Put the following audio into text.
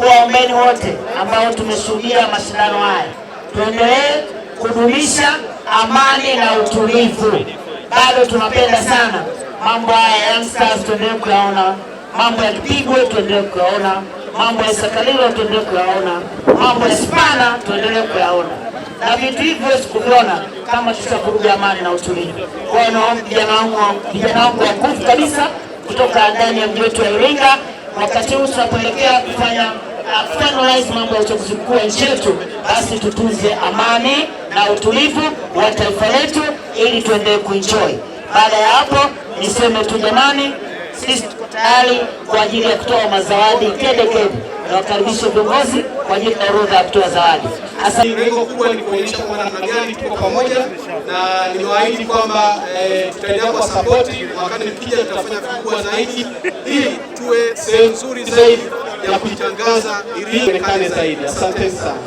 kuwaombeni wote ambao tumeshuhudia mashindano haya, tuendelee kudumisha amani na utulivu. Bado tunapenda sana mambo haya Young tuendelee kuyaona mambo ya Kipigwe, tuendelee kuyaona mambo ya Sakalilo, tuendelee kuyaona mambo ya Spana, tuendelee kuyaona na vitu hivyo kuviona kama tutakuruga amani na utulivu. Kwa hiyo naomba vijana wangu wa nguvu kabisa kutoka ndani ya mji wetu wa Iringa wakati huu tunapoelekea kufanya uh, finalize mambo ya uchaguzi mkuu wa nchi yetu, basi tutunze amani na utulivu wa taifa letu ili tuendelee kuenjoy. Baada ya hapo, niseme tu jamani, sisi tuko tayari kwa ajili ya kutoa mazawadi kedekede, na wakaribisha viongozi kwa ajili ya orodha ya kutoa zawadi. Lengo kubwa ni kuonyesha kwa namna gani tuko pamoja, na nimewaahidi kwamba eh, eh tutaendelea kwa support. Wakati nikija tutafanya kubwa zaidi, ili tuwe sehemu nzuri zaidi ya kuitangaza ili ionekane zaidi. Asante sana.